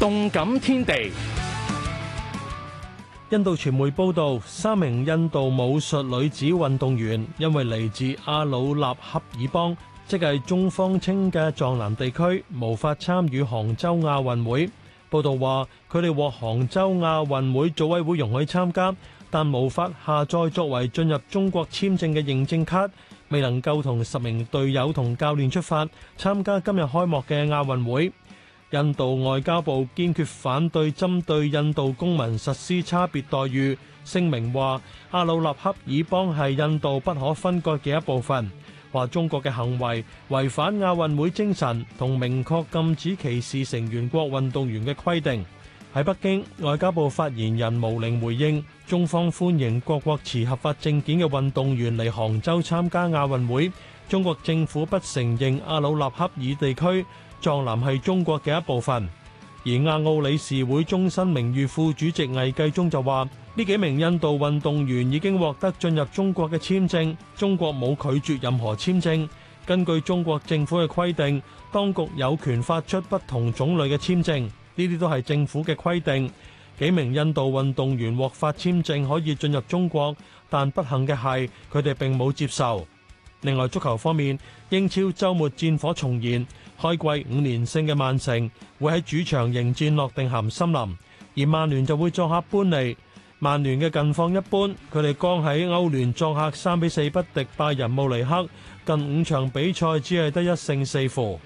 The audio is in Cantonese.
動感天地。印度傳媒報道，三名印度武術女子運動員因為嚟自阿魯納恰爾邦，即係中方稱嘅藏南地區，無法參與杭州亞運會。報道話，佢哋獲杭州亞運會組委會容許參加，但無法下載作為進入中國簽證嘅認證卡，未能夠同十名隊友同教練出發參加今日開幕嘅亞運會。印度外交部堅決反對針對印度公民實施差別待遇，聲明話：阿魯納恰爾邦係印度不可分割嘅一部分，話中國嘅行為違反亞運會精神同明確禁止歧視成員國運動員嘅規定。喺北京，外交部發言人毛寧回應，中方歡迎各國持合法證件嘅運動員嚟杭州參加亞運會，中國政府不承認阿魯納恰爾地區藏南係中國嘅一部分。而亞奧理事會終身名譽副主席魏紀中就話呢幾名印度運動員已經獲得進入中國嘅簽證，中國冇拒絕任何簽證，根據中國政府嘅規定，當局有權發出不同種類嘅簽證。呢啲都係政府嘅規定。幾名印度運動員獲發簽證可以進入中國，但不幸嘅係，佢哋並冇接受。另外，足球方面，英超周末戰火重燃，開季五連勝嘅曼城會喺主場迎戰諾定咸森林，而曼聯就會作客搬離。曼聯嘅近況一般，佢哋剛喺歐聯作客三比四不敵拜仁慕尼克，近五場比賽只係得一勝四負。